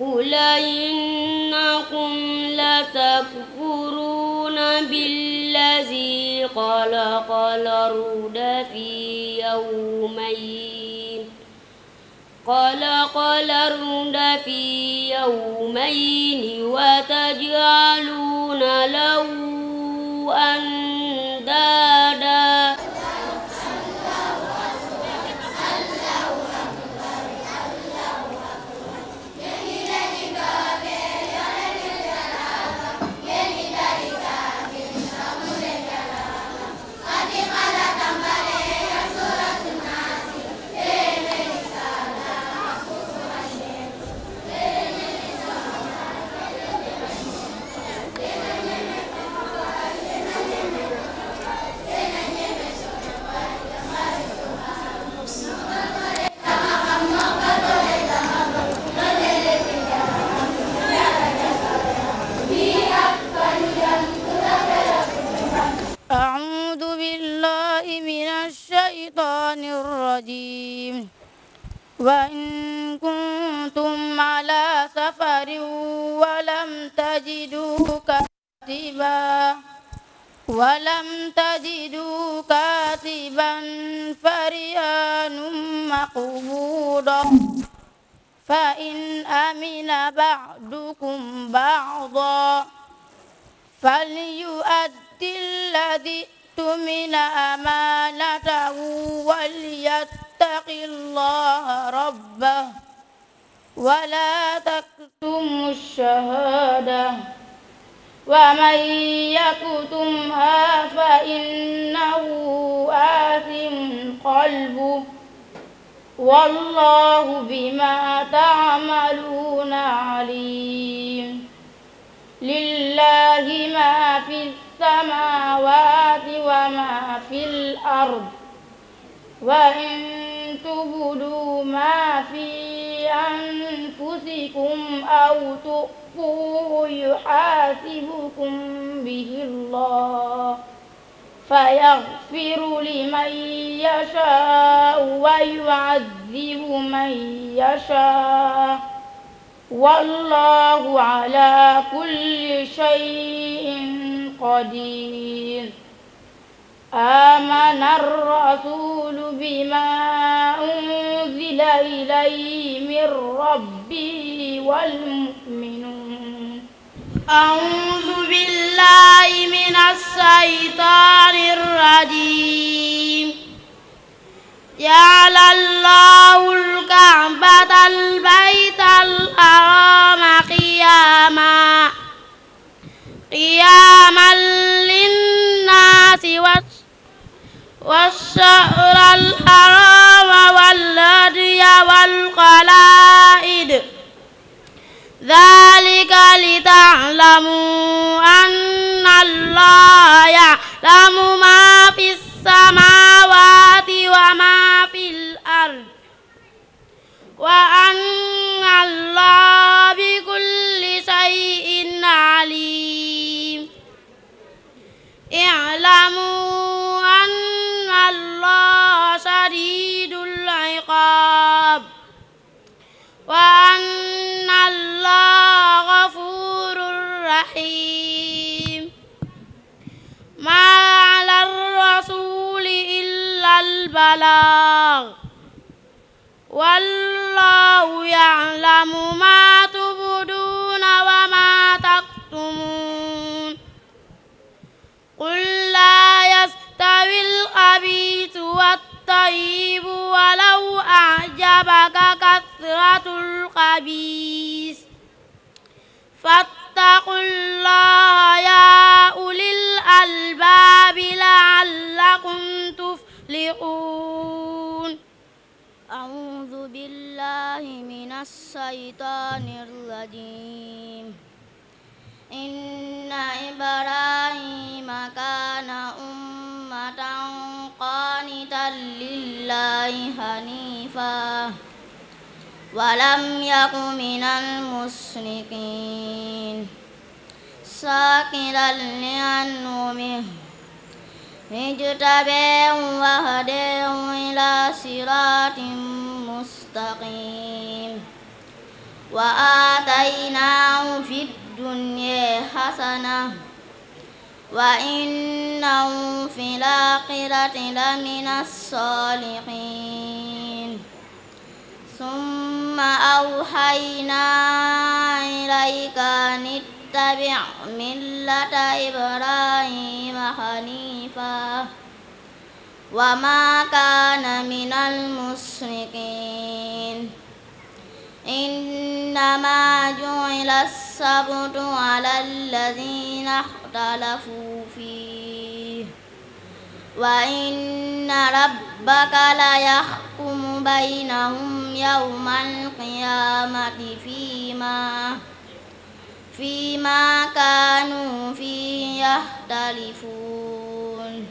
قل إنكم لتكفرون بالذي خلق الأرض في يومين خلق الأرض في يومين وتجعلون له أندادا بعضكم بعضا فليؤد الذي اؤتمن أمانته وليتق الله ربه ولا تكتموا الشهادة ومن يكتمها فإنه آثم قلبه والله بما تعملون عليم لله ما في السماوات وما في الأرض وإن تبدوا ما في أنفسكم أو تؤمنوا يحاسبكم به الله فيغفر لمن يشاء ويعذب من يشاء والله على كل شيء قدير آمن الرسول بما أنزل إليه من ربه والمؤمنون أعوذ بالله من الشيطان الرجيم جعل الله الكعبة البيت الحرام قياما قياما للناس والشهر الحرام والهدي والقلائد dhalika li ta'lamu anna allaha ya'lamu ma fis samawati wa ma fil ard wa anna allaha bi kulli shay'in alim i'lamu anna allaha shadidul iqab wa anna الرحيم ما على الرسول إلا البلاغ والله يعلم ما تبدون وما تكتمون قل لا يستوي الخبيث والطيب ولو أعجبك كثرة الخبيث واتقوا الله يا أولي الألباب لعلكم تفلحون أعوذ بالله من الشيطان الرجيم إن إبراهيم كان أمة قانتا لله حنيفا ولم يك من المسرفين ساكرا لأنعمه اجتباه وهداه إلى صراط مستقيم وآتيناه في الدنيا حسنة وإنه في الآخرة لمن الصالحين ثم ثم أوحينا إليك أن اتبع ملة إبراهيم حنيفا وما كان من المشركين إنما جعل السبت على الذين اختلفوا فيه وإن ربك ليحكم بينهم يوم القيامة فيما فيما كانوا فيه يختلفون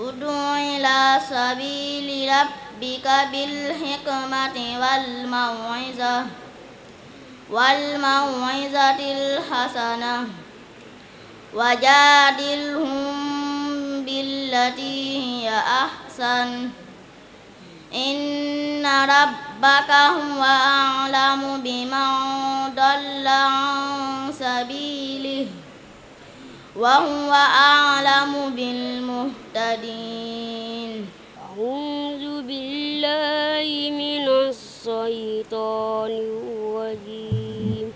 ادع إلى سبيل ربك بالحكمة والموعظة والموعظة الحسنة وجادلهم بالتي هي أحسن إن ربك هو أعلم بمن ضل عن سبيله وهو أعلم بالمهتدين أعوذ بالله من الشيطان الرجيم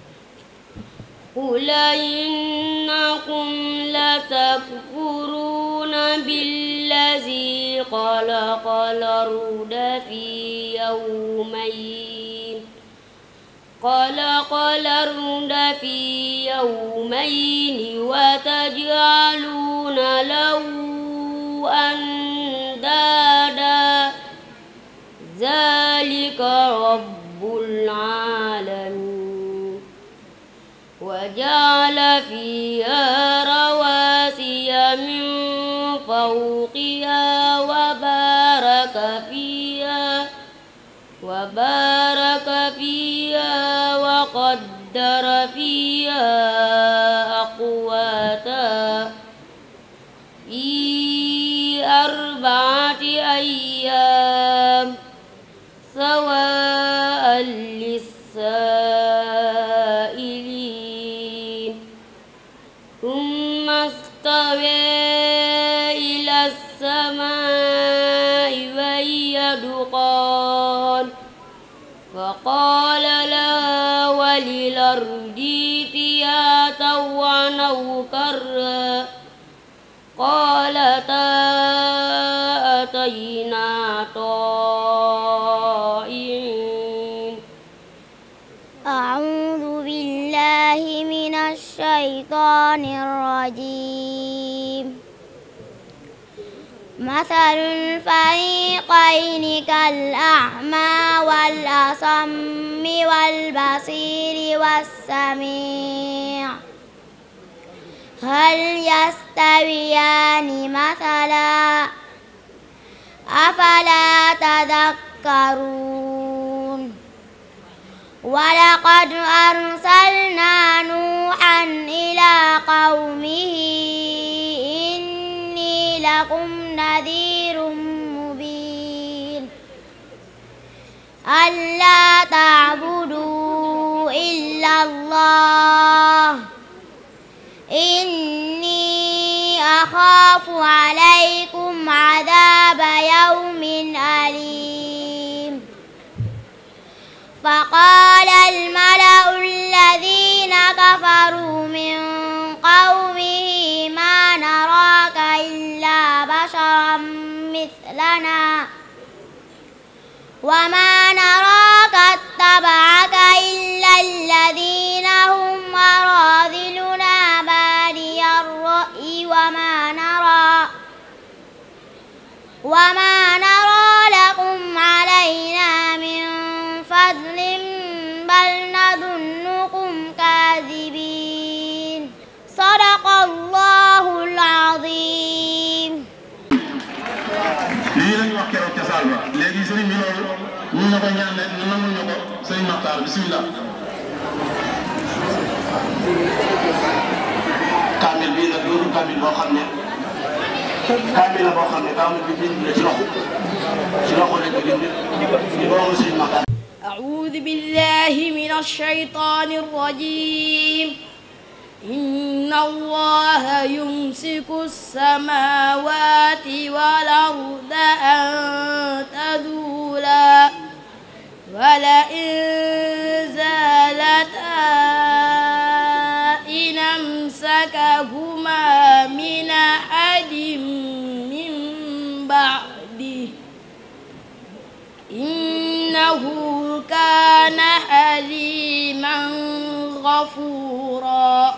قل إنكم لتكفرون بالذي خلق الأرض في يومين خلق الأرض في يومين وتجعلون له أندادا ذلك رب العالمين وجعل فيها سقيا وبارك فيها وبارك فيها وقدر فيها أقواتها في أربعة أيام سواء للسائل أو كرا قالتا أتينا طائعين أعوذ بالله من الشيطان الرجيم مثل الفريقين كالأعمى والأصم والبصير والسميع هل يستويان مثلا أفلا تذكرون ولقد أرسلنا نوحا إلى قومه إني لكم نذير مبين ألا تعبدوا إلا الله أخاف عليكم عذاب يوم أليم فقال الملأ الذين كفروا من قومه ما نراك إلا بشرا مثلنا وما نراك اتبعك إلا وما نرى لكم علينا من فضل بل نظنكم كاذبين صدق الله العظيم lii lañ wax keroog ca saal ba léegi sëriñ bi loolu mun na ko ñaan rek ñu nangul ñu ko sëriñ Maxtaar bisimilah kaamil bii nag loolu kaamil boo xam ne kaamil la boo xam ne kaamil bi bind ci loxo ci loxo lañ ko bind di doomu sëñ Maxtaar أعوذ بالله من الشيطان الرجيم إن الله يمسك السماوات والأرض أن تزولا ولئن زالتا إن أمسكهما من innahu kaana haliman ghafuura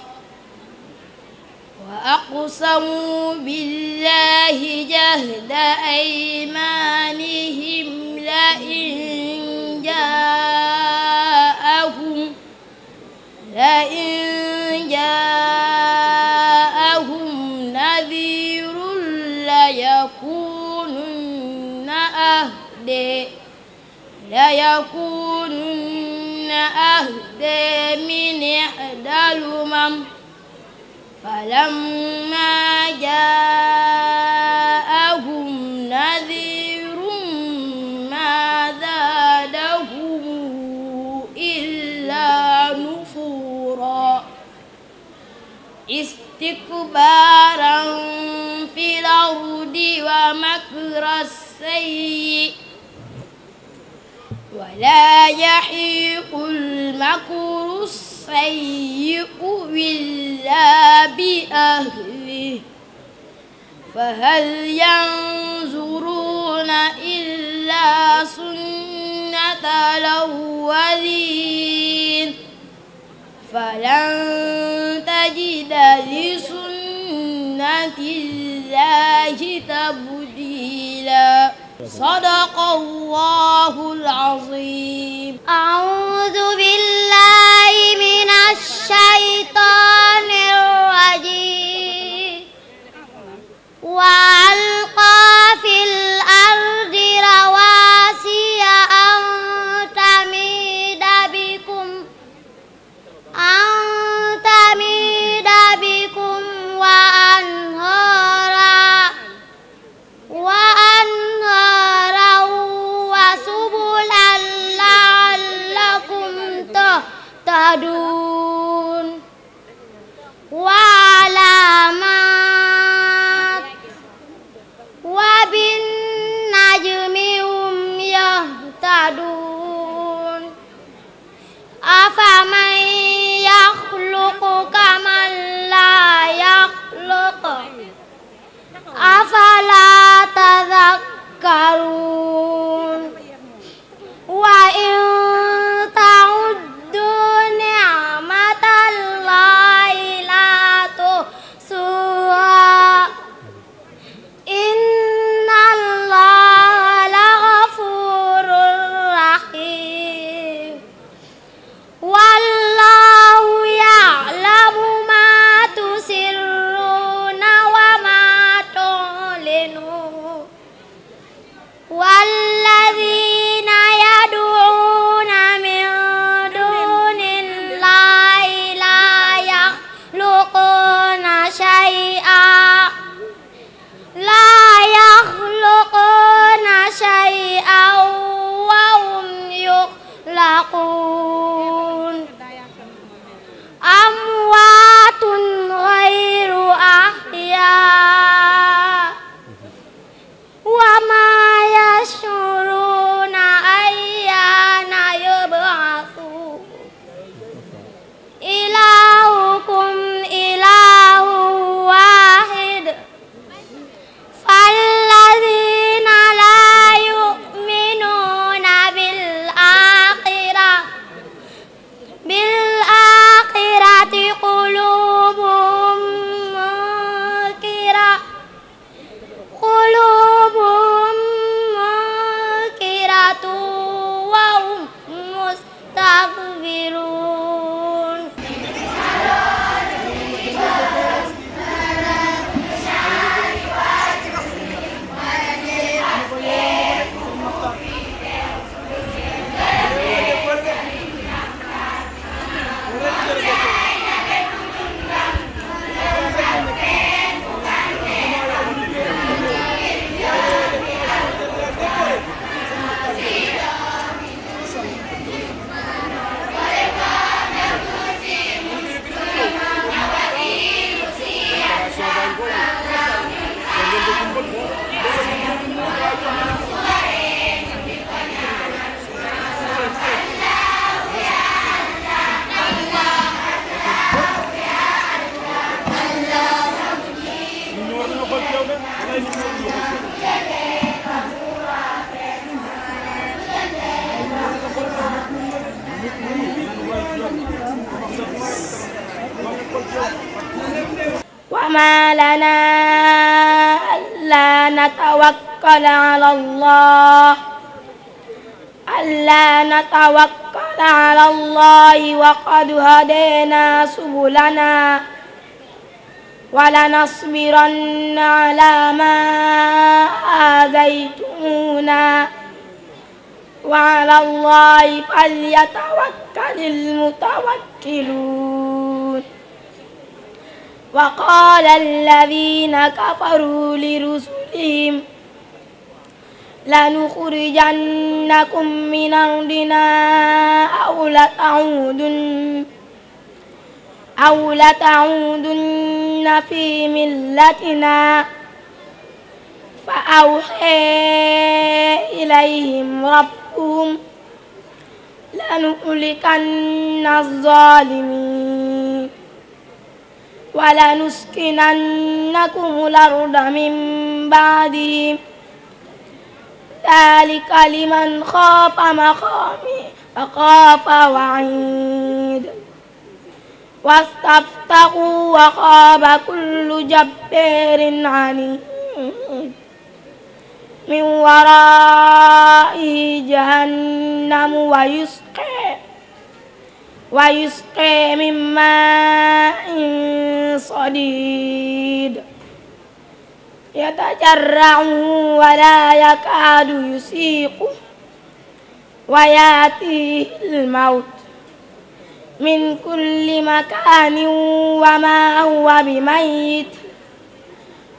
وأقسموا بالله جهد أيمانهم لئن جاءهم لئن جاءهم نذير ليكونن أهدي ليكونن أهدى من إحدى الأمم فلما جاءهم نذير ما زادهم إلا نفورا استكبارا في الأرض ومكر السيئ لا يحيق المكر السيء إلا بأهله فهل ينظرون إلا سنة الأولين فلن تجد لسنة الله تبديلا صدق الله العظيم أعوذ بالله من الشيطان وما لنا ألا نتوكل على الله ألا نتوكل على الله وقد هدينا سبلنا ولنصبرن على ما آذيتمونا وعلى الله فليتوكل المتوكلون وقال الذين كفروا لرسلهم لنخرجنكم من أرضنا أو لتعودن أو لتعودن في ملتنا فأوحي إليهم ربهم ربكم لنهلكن الظالمين ولنسكننكم الأرض من بعدهم ذلك لمن خاف مقامي وخاف وعيد واستفتحوا وخاب كل جبار عنيد من ورائه جهنم ويسقى ويسقى من ماء صديد يتجرعه ولا يكاد يسيقه وياتيه الموت من كل مكان وما هو بميت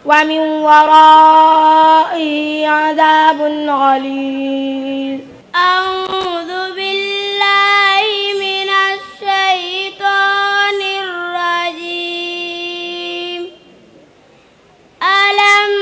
ومن ورائه عذاب غليظ أعوذ بالله من الشيطان الرجيم ألم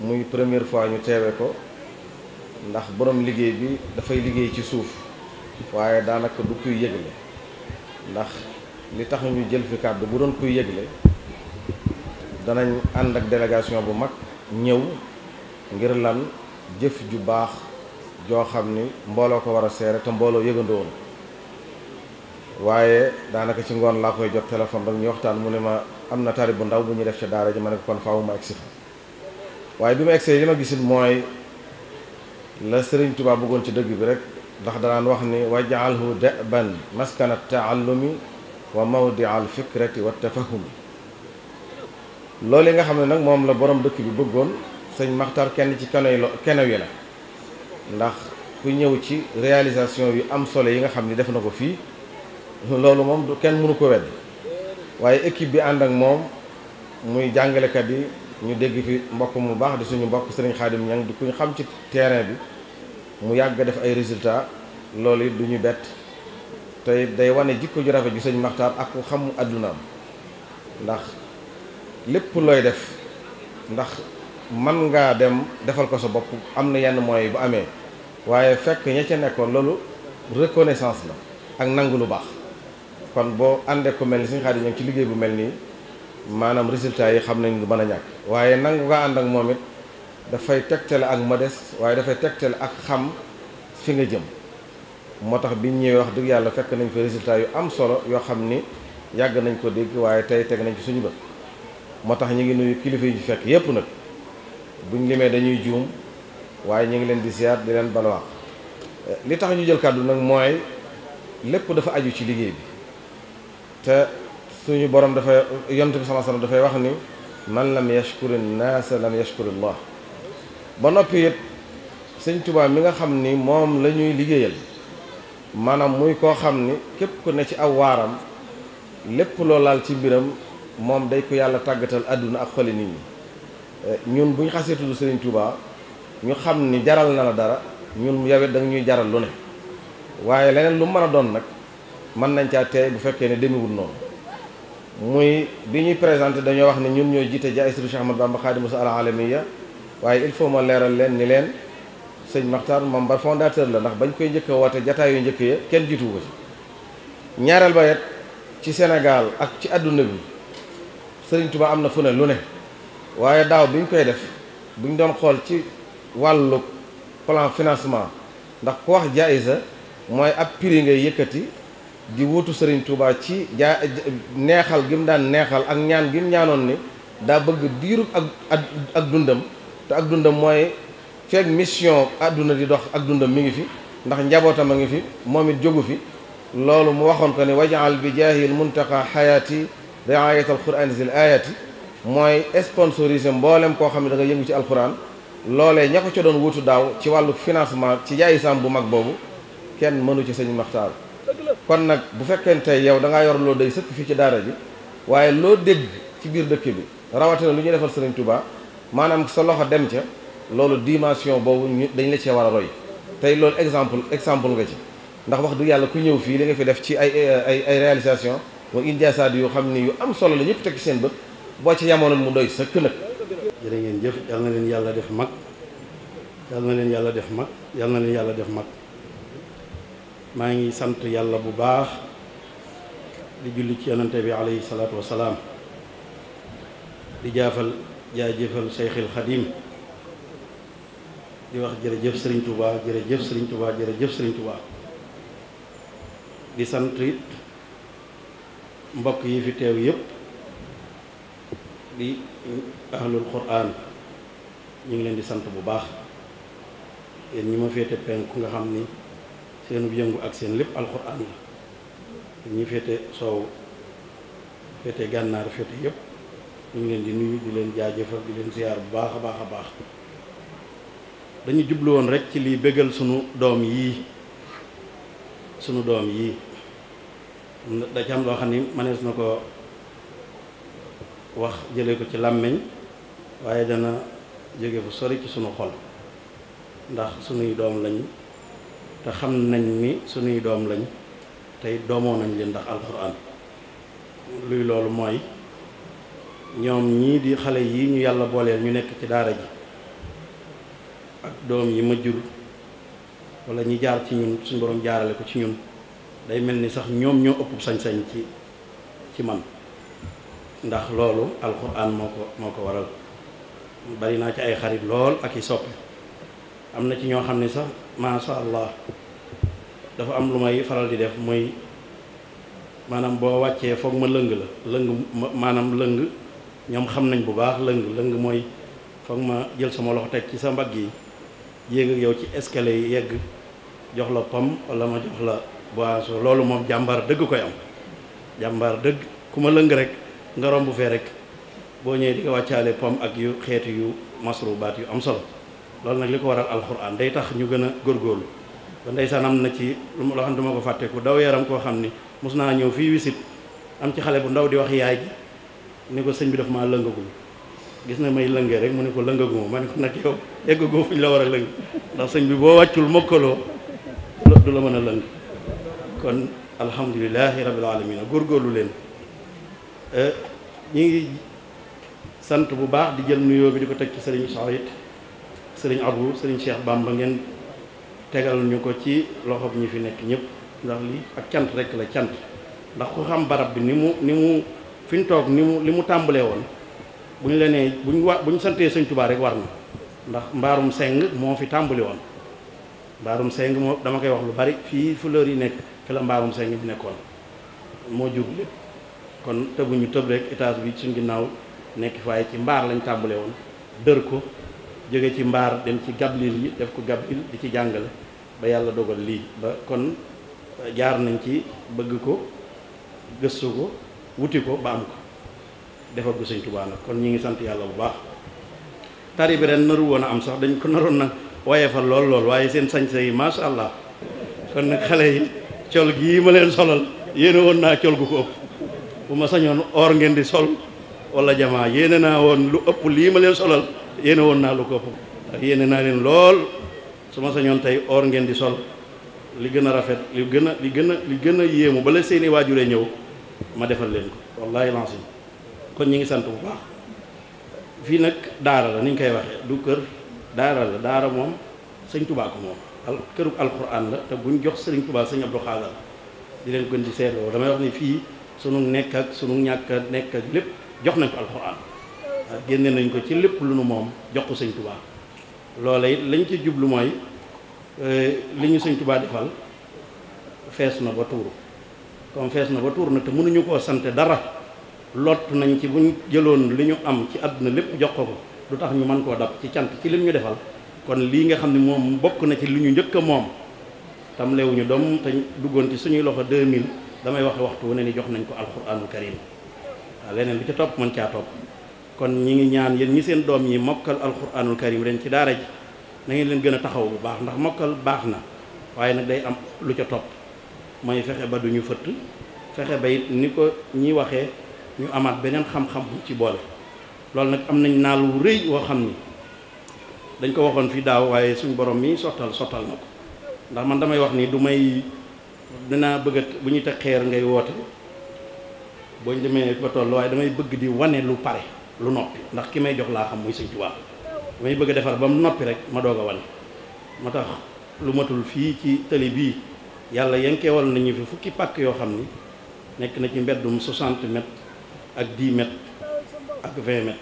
muy première fois ñu teewe ko ndax borom liggéey bi dafay liggéey ci suuf waaye daanaka du kuy yëgle ndax li tax ñu jël fi kàddu bu doon kuy yëgle danañ ànd ak délégation bu mag ñëw ngir lan jëf ju baax joo xam ni mbooloo ko war a seere te mbooloo yëgandoon waaye daanaka ci ngoon laa koy jot téléphone rek ñu waxtaan mu ne ma am na tari bu ndaw bu ñu def ca daara ji ma ne ko kon faaw ma waaye bi ma egsee yi ma gisul mooy la Sëriñ tubaab bëggoon ci dëgg bi rek ndax danaan wax ni wajaalhu daban maskana taallumi wa mawdia alfikrati wa tafahumi loolu yi nga xam ne nag moom la boroom dëkk bi bëggoon sëñ Maxtar kenn ci kenoy kenew yi la ndax ku ñëw ci réalisation yu am solo yi nga xam ni def na ko fii loolu moom du kenn mënu ko wedd waaye équipe bi ànd ak moom muy jàngalekat yi ñu dégg fi mbokk mu baax di suñu mbokk sëriñ xaadim ñang di kuñ xam ci terrain bi mu yàgg def ay résultat loolu it du ñu bett tey day wane jikko ju rafet bi sëñ maxtaar ak ku xamu àddunaam ndax lépp looy def ndax man ngaa dem defal ko sa bopp am na yenn moyens bu amee waaye fekk ña ca nekkoon loolu reconnaissance la ak nangu lu baax kon boo àndee ko mel ni sëñ xaadim ñang ci liggéey bu mel nii maanaam résultat yi xam nañ du mën a ñàkk waaye nangu nga ànd ak moom it dafay tegtale ak modeste waaye dafay tegtale ak xam fi nga jëm moo tax biñ ñëwee wax dëgg yàlla fekk nañ fa résultat yu am solo yoo xam ni yàgg nañ ko dégg waaye tey teg nañ ci suñu bët moo tax ñu ngi nuyu kilifa yu fekk yépp nag buñ limee dañuy juum waaye ñu ngi leen di ziar di leen balwaax eh, li tax ñu jël kàddu nag mooy lépp dafa aju ci liggéey bi te suñu borom dafay yonent bi sallallahu alayhi wasallam dafay wax ni man lam yashkuri naasa lam yashkuri allah ba noppi it sëñ Tuubaa mi nga xam ni moom la ñuy liggéeyal maanaam muy koo xam ni képp ku ne ci aw waaram lépp loo ci mbiram moom day ko yàlla tàggatal àdduna ak xoli nit ñi ñun bu ñu xasee tudd sëriñ ñu xam ni jaral na la dara ñun yawet da nga ñuy jaral lu ne waaye leneen lu mën a doon nag mën nañ caa teey bu fekkee ne demewul noonu muy bi ñuy présenté dañoo wax ne ñun ñoo jiite jaayisatu Cheikh Ahmad Bamba Khadimu sa al alamiya waaye il faut ma leeral leen ni leen sëñ Maxtaar membre fondateur la ndax bañ koy njëkk woote jataay yu njëkk ya kenn jiitu ko ci ñaareel ba yet ci Sénégal ak ci àdduna bi Sëriñ Tuubaa am na fu ne lu ne waaye daaw bi ñu koy def bu ñu doon xool ci wàllu plan financement ndax ku wax jaayisa mooy ab prix ngay yëkkati di wuutu Serigne Touba ci jaa neexal gim daan neexal ak ñaan gim ñaanoon ni daa bëgg diirub ak ak dundam te ak dundam mooy feeg mission àdduna di dox ak dundam mi ngi fi ndax njabootam a ngi fi moom it jógu fi loolu mu waxoon ko ni wajaal bi jaahil muntaqa xayaati riayat alquran zil ayati mooy sponsorisé mboolem koo xam ne danga nga yëngu ci alquran loolee ña ca doon wutu daaw ci wàllu financement ci jaayi saam bu mag boobu kenn mënu ci sëñ Maxtaar kon nag bu fekkente yow da ngaa yor loo day sëkk fii ci daara ji waaye loo dégg ci biir dëkk bi rawatina lu ñuy defal sëriñ tubaa maanaam sa loxo dem ca loolu dimension boobu ñu dañ la cee war a roy tey loolu exemple exemple nga ci ndax wax dëgg yàlla ku ñëw fii li nga fi def ci ay ay ay réalisation wa indiasaad yoo xam ni yu am solo la ñëpp teg seen bët boo ci yamoon mu doy sëkk nag jërë ngeen jëf yal na leen yàlla def mag yal na leen yàlla def mag yal na leen yàlla def mag maa ngi sant yàlla bu baax di julli ci yonante bi alayhi salaatu wasalaam di jaafal jaajëfal Seyxil Xadim di wax jërëjëf sëriñ Touba jërëjëf sëriñ Touba jërëjëf sëriñ Touba di sant it mbokk yi fi teew yépp di ahlul quraan ñu ngi leen di sant bu baax yéen ñi ma féete ku nga xam ni seenub yëngu ak seen lépp alxuraan la ñi féete soow féete gànnaar féete yëpp ñu leen di nuyu di leen jaajëfal di leen ziyaar bu baax a baax a baax dañu jublu woon rek ci liy bégal sunu doom yii sunu doom yii da ci am xam ni mënees na ko wax jële ko ci làmmiñ waaye dana jóge fu sori ci sunu xol ndax sunuy doom lañu te xam nañ ni suñuy doom lañ tey doomoo nañ leen ndax alxuraan luy loolu mooy ñoom ñii di xale yi ñu yàlla booleel ñu nekk ci daara ji ak doom yi ma jur wala ñi jaar ci ñun suñu boroom jaarale ko ci ñun day mel ni sax ñoom ñoo ëpp sañ-sañ ci ci man ndax loolu alxuraan moo ko moo ko waral bari naa ci ay xarit lool ak i soppe am na ci ñoo xam ne sax macha allah dafa am lu may faral di def mooy maanaam boo wàccee foog ma lëng la lëng maanaam lëng ñoom xam nañ bu baax lëng lëng mooy foog ma jël sama loxo teg ci sa mbag yi yéeg ak yow ci escalier yi yegg jox la pom walla ma jox la boisson loolu moom jàmbaar dëgg koy am jàmbaar dëgg ku ma lëng rek nga romb fee rek boo ñëwee di nga wàccaale pom ak yu xeetu yu masrubaat yu am solo loolu nag li ko war waral alxuraan day tax ñu gën a góorgóorlu ba ndeysaan am na ci loo xam ne duma ko fàtte ku daw yaram koo xam ni mus naa ñëw fii wisit am ci xale bu ndaw di wax yaay ji ni ko sëñ bi dafa maa lëngagum gis na may lëngee rek mu ne ko lëngaguma ma ne ko nag yow eggagoo fu ñu la war a lëng ndax sëñ bi boo wàccul mokkaloo du la mën a lëng kon alhamdulilahi rabil góor góorlu leen eh, ñi ngi sant bu baax di jël nuyoo bi di ko teg ci sëriñ Sawit sëriñ Abou sëriñ Cheikh Bamba ngeen tegal ñu ko ci loxo bi ñu fi nekk ñëpp ndax li ak cant rek la cant ndax ko xam barab bi ni mu ni mu fi ñu toog ni mu li mu tàmbalee woon bu ñu la bu ñu wax bu ñu santee sëñ Tuubaa rek war na ndax mbaarum seng moo fi tàmbali woon mbaarum seng moo dama koy wax lu bari fii fuleur yi nekk fi la mbaarum seng bi nekkoon moo jug lépp kon tëbuñu tëb rek étage bi suñ ginnaaw nekk faay ci mbaar lañ tàmbale woon dër jóge ci mbaar dem ci gablil yi def ko gablil di ci jàngale ba yàlla dogal lii ba kon jaar nañ ci bëgg ko gëstu ko wuti ko ba am ko defal ko sëñ Tuubaa nag kon ñi ngi sant yàlla bu baax tari bi ren naru woon a am sax dañ ko naroon nag waaye fa lool lool waaye seen sañse yi masha allah kon nag xale yi col gii ma leen solal yéene woon naa col gu ko ëpp bu ma sañoon or ngeen di sol wala jamaa yéene naa woon lu ëpp lii ma leen solal yéene woon naa lu ko ëpp yéene naa leen lool su ma sañoon tey or ngeen di sol li gën a rafet li gën a li gën a gën a yéemu bala seeni waajure ñëw ma defal leen ko wallahi lancé kon ñu ngi sant bu baax fii nag daara la ni ñu koy waxee du kër daara la daara moom sëñ tubaa ko moom al këru alquran la te buñ jox sëriñ tubaa sëñ Abdou Xaadar di leen gën di seetloo damay wax ni fii sunu nekk ak sunu ñàkk a ak lépp jox nañ ko alquran génne nañ ko ci lépp lu nu moom jox ko sëñ tubaa loola it lañ ci jublu mooy eh, li ñu sëñ tubaa defal fees na ba tuuru comme fees na ba tuur nag te mënuñu koo sante dara lott nañ ci buñ jëloon li ñu am ci àdduna lépp jox ko ko du tax ñu mën koo dab ci cant ci lim ñu defal kon lii nga xam ne moom bokk na ci li ñu njëkk moom tam leewuñu doom te duggoon ci suñuy loxo 2000 damay wax waxtu wu ne ni jox nañ ko alxuraanul karim waaw leneen lu ca topp mën kon ñi ngi ñaan yéen ñi seen doom yi mokkal alquranul karim ren ci daara ji na leen gën a taxaw bu baax ndax mokkal baax na waaye nag day am lu ca topp mooy fexe ba duñu fëtt fexe ba it ni ko ñi waxee ñu amaat beneen xam-xam bu ci boole loolu nag am nañ naal wu rëy woo xam ni dañ ko waxoon fii daaw waaye suñ borom mi sottal sottal na ko ndax man damay wax nii du may dinaa bëgg bu ñu teg xeer ngay woote boo ñu demee ba toll waaye damay bëgg di wane lu pare lu noppi ndax ki may jox laa xam muy sëñ Tuubaa may bëgg a defar ba mu noppi rek ma doog a wane ma tax lu matul fii ci tëli bii yàlla yenkeewal nañu fi fukki pàkk yoo xam ni nekk na ci mbeddum 60 mètres ak 10 mètres ak 20 mètres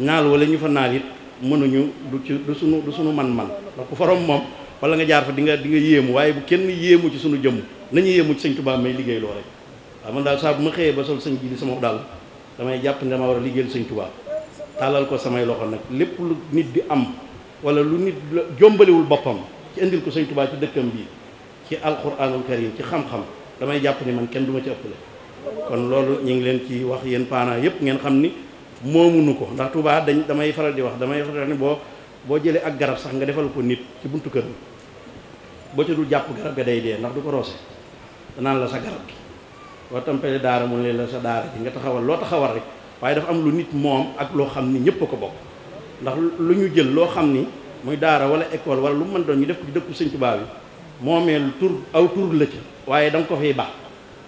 naal wala ñu fa naar it mënuñu du ci du sunu du sunu man-man ndax ku forom moom wala nga jaar fa di nga nga yéemu waaye bu kenn yéemu ci sunu jëmm nañu yéemu ci sëñ Tuubaa may liggéey loo rek waaw man daal saa bu ma xëyee ba sol sëñ ji di daal damay jàpp ne dama war a liggéeyal sëñ Tuubaa tàllal ko samay loxo nag lépp lu nit di am wala lu nit jombaliwul boppam ci indil ko sëñ Tuubaa ci dëkkam bii ci alxuraanul karim ci xam-xam damay jàpp ni man kenn duma ci ëpp la kon loolu ñu ngi leen ci wax yéen paanaa yëpp ngeen xam ni moomunu ko ndax tubaa dañ damay faral di wax damay faral ni boo boo jëlee ak garab sax nga defal ko nit ci buntu këram boo ca dul jàpp garab ga day dee ndax du ko roose danaan la sa gi boo tampale daara mu ne la sa daara ji nga taxawal loo taxawal rek waaye dafa am lu nit moom ak loo xam ni ñëpp a ko bokk ndax lu ñu jël loo xam ni muy daara wala école wala lu man doon ñu def ko ci dëkku Sëñ Tuubaa bi moomeel tur aw tur la ci waaye da nga ko fi baax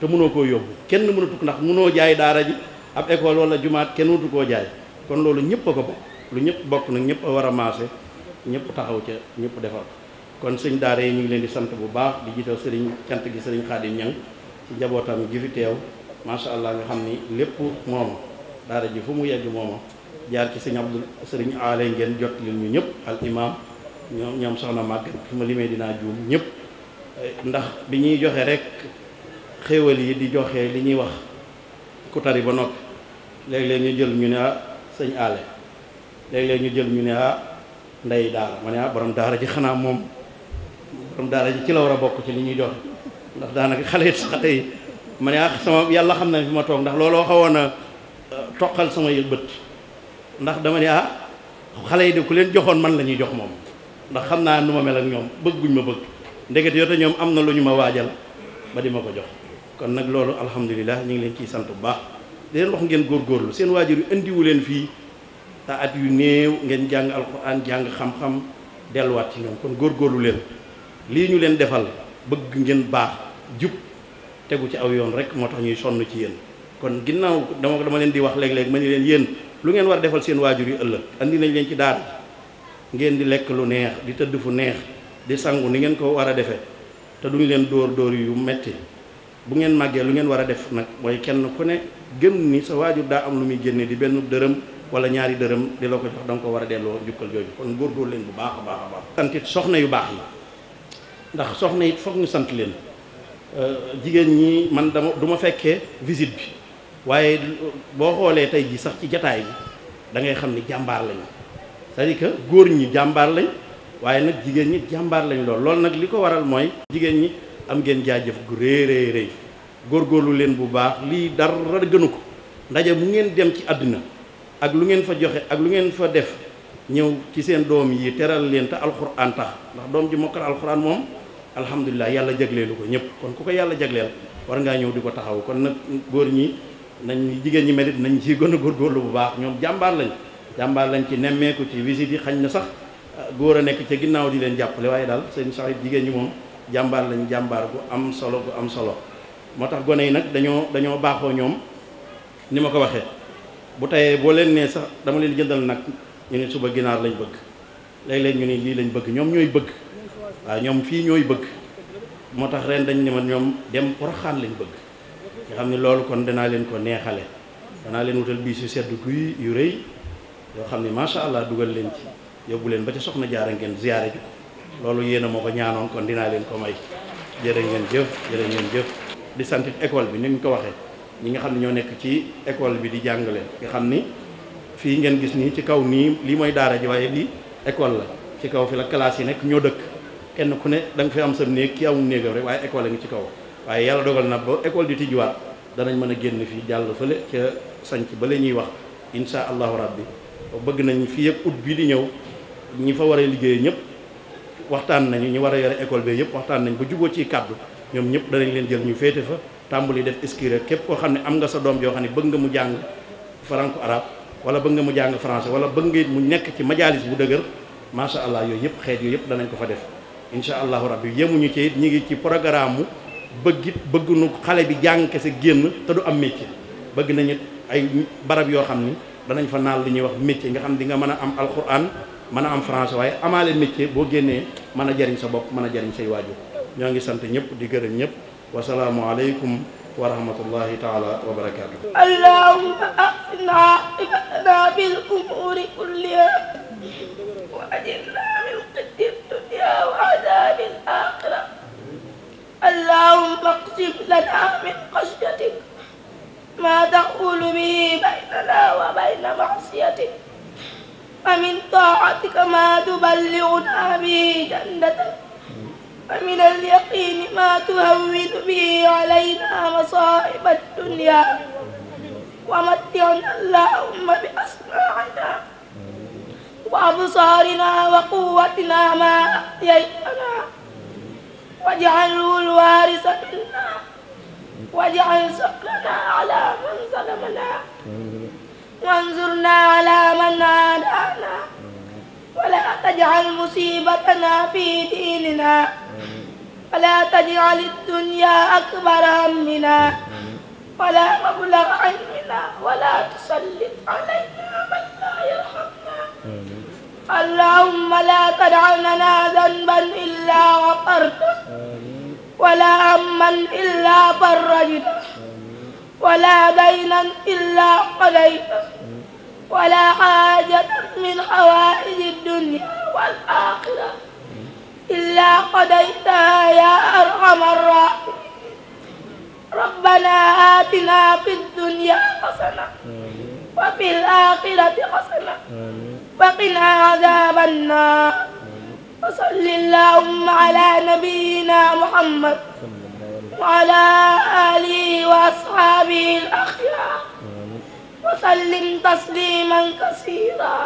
te mënoo koo yóbbu kenn mënatu ko ndax mënoo jaay daara ji ab école wala jumaat kenn mënatu koo jaay kon loolu ñëpp a ko bokk lu ñëpp bokk nag ñëpp war a maase ñëpp taxaw ca ñëpp defar kon sëñ daara yi ñu ngi leen di sant bu baax di jiital sëriñ cant gi sëriñ Xaadim Ñang ci njabootam gi fi teew macha allah nga xam ni lépp moom daara ji fu mu yegg mooma jaar ci sëñ Abdul sëriñ aale ngeen jot li ñu ñëpp al imam ñoom ñoom soxna màgg su ma limee dinaa juum ñëpp ndax bi ñuy joxee rek xéewal yi di joxe li ñuy wax ku tari ba noppi léeg-léeg ñu jël ñu ne ah sëñ aale léeg-léeg ñu jël ñu ne ah ndey daara ma ne ah borom daara ji xanaa moom borom daara ji ci la war a bokk ci li ñuy joxe ndax daanaka xale it xale yi ma ne ah sama yàlla xam na fi ma toog ndax looloo xawoon a euh, toqal sama bët ndax dama ne ah xale yi de ku leen joxoon man la ñuy jox moom ndax xam naa nu ma mel ak ñoom bëgguñ ma bëgg ndeket yote ñoom am na lu ñu ma waajal ba di ma ko jox kon nag loolu alhamdulilah ñu ngi leen ciy sant bu baax di leen wax ngeen góorgóorlu seen waajur yu indiwu leen fii ta at yu néew ngeen jàng alquran jàng xam-xam delluwaat ci ñoom kon góorgóorlu leen lii ñu leen defal bëgg ngeen baax jub tegu ci aw yoon rek moo tax ñuy sonn ci yéen kon ginnaaw dama dama leen di wax léeg-léeg ma ni leen yéen lu ngeen war defal seen waajur yu ëllëg andi nañ leen ci daara ngeen di lekk lu neex di tëdd fu neex di sangu ni ngeen ko war a defee te duñu leen dóor dóor yu metti bu ngeen màggee lu ngeen war a def nag mooy kenn ku ne gën ni sa waajur daa am lu muy génne di benn dërëm wala ñaari dërëm di la ko jox da ko war a delloo jukkal jooju kon góorgóor leen bu baax a baax a baax. soxna yu baax yi ndax soxna it foog ñu sant leen. Euh, jigéen ñi man dama du ma fekkee visite bi waaye euh, boo xoolee tey jii sax ci jataay bi da ngay xam ni jàmbaar lañu cest à góor ñi jàmbaar lañ waaye nag jigéen ñi jàmbaar lañ lool loolu nag li ko waral mooy jigéen ñi am ngeen jaajëf gu rëy rëy góor góorlu leen bu baax lii dara gënu ko ndaje mu ngeen dem ci àdduna ak lu ngeen fa joxe ak lu ngeen fa def ñëw ci seen doom yi teral leen te alxuraan tax ndax doom ji mokkal alxuraan moom alhamdulilah yàlla jagleelu ko ñëpp kon ku ko yàlla jagleel war ngaa ñëw di ko taxaw kon nag góor ñi nañ jigéen ñi melit nañ ci gën a góor góorgóorlu bu baax ñoom jàmbaar lañ jàmbaar lañ ci nemmeeku ci visite yi xañ na sax ah, góor a nekk ca ginnaaw di leen jàppale waaye daal seen sax jigéen ñi moom jàmbaar lañ jàmbaar gu am solo gu am solo moo tax gone yi nag dañoo dañoo baaxoo ñoom ni ma ko waxee bu tayee boo leen nee sax dama leen jëndal nag ñu ne suba ginaar lañ bëgg léeg-léeg ñu ne lii lañ bëgg ñoom ñooy bëgg waaw ñoom fii ñooy bëgg moo tax ren dañ ne ñoom dem poroxaan lañ bëgg nga xam ne loolu kon danaa leen ko neexale danaa leen wutal bii su sedd guy yu rëy yoo xam ne macha allah dugal leen ci yóbbu leen ba ca soxna jaara ngeen ziyaare ji ko loolu yéen moo ko ñaanoon kon dinaa leen ko may jërë ngeen jëf jërë ngeen jëf di sant école bi ni ñu ko waxee ñi nga xam ne ñoo nekk ci école bi di jàngale nga xam ni fii ngeen gis nii ci kaw nii lii mooy daara ji waaye lii école la ci kaw fi la classe yi nekk ñoo dëkk kenn ku ne da nga fi am sa néeg ki amum néegam rek waaye école a ngi ci kaw waaye yàlla dogal na ba école di tijjuwaat danañ mën a génn fii jàll fële ca sanc ba la ñuy wax insha allahu rabbi bëgg nañ fii yëpp ut bii di ñëw ñu fa war a liggéey ñëpp waxtaan nañu ñu war a yore école bi yëpp waxtaan nañ ba juboo ci kàddu ñoom ñëpp danañ leen jël ñu féete fa tàmbali def escure képp koo xam ne am nga sa doom yoo xam ne bëgg nga mu jàng franco arabe wala bëgg nga mu jàng français wala bëgg nga mu nekk ci majalis bu dëgër macha allah yooyu yëpp xeet yooyu yëpp danañ ko fa def incha allahu rabbi yemuñu ci ñu ngi ci programme bëgg bëggit bëgguñu xale bi jàng kese génn te du am métier bëgg na nañu ay barab yoo xam ni danañ fa naal li ñuy wax métier nga xam dinga mën a am alquran mën a am français waaye amaale métier boo génnee mën a jariñ sa bopp mën a jariñ say waajur ñoo ngi sant ñëpp di gërëm ñëpp wasalaamu aleykum wa rahmatullahi taala الدنيا وعذاب الآخرة اللهم اقسم لنا من خشيتك ما تحول به بيننا وبين معصيتك ومن طاعتك ما تبلغنا به جنتك ومن اليقين ما تهون به علينا مصائب الدنيا ومتعنا اللهم بأسماعنا وأبصارنا وقوتنا ما أحييتنا واجعله الوارث منا واجعل سؤلنا على من ظلمنا وانظرنا على من عادانا ولا تجعل مصيبتنا في ديننا ولا تجعل الدنيا أكبر همنا ولا مبلغ علمنا ولا تسلط علينا من لا يرحمنا اللهم لا تدع لنا ذنبا إلا غفرته ولا هما إلا فرجته ولا دينا إلا قضيته ولا حاجة من حوائج الدنيا والآخرة إلا قضيتها يا أرحم الراحمين ربنا آتنا في الدنيا حسنة وفي الآخرة حسنة وقنا عذاب النار وصل اللهم على نبينا محمد وعلى آله وأصحابه الأخيار وسلم تسليما كثيرا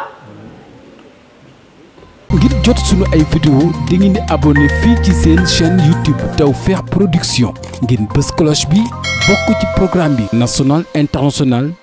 ngir jot sunu ay vidéo di ngeen di abonné fii ci seen chaîne YouTube Tawfekh Production ngir bës cloche bi bokk ci programme bi national international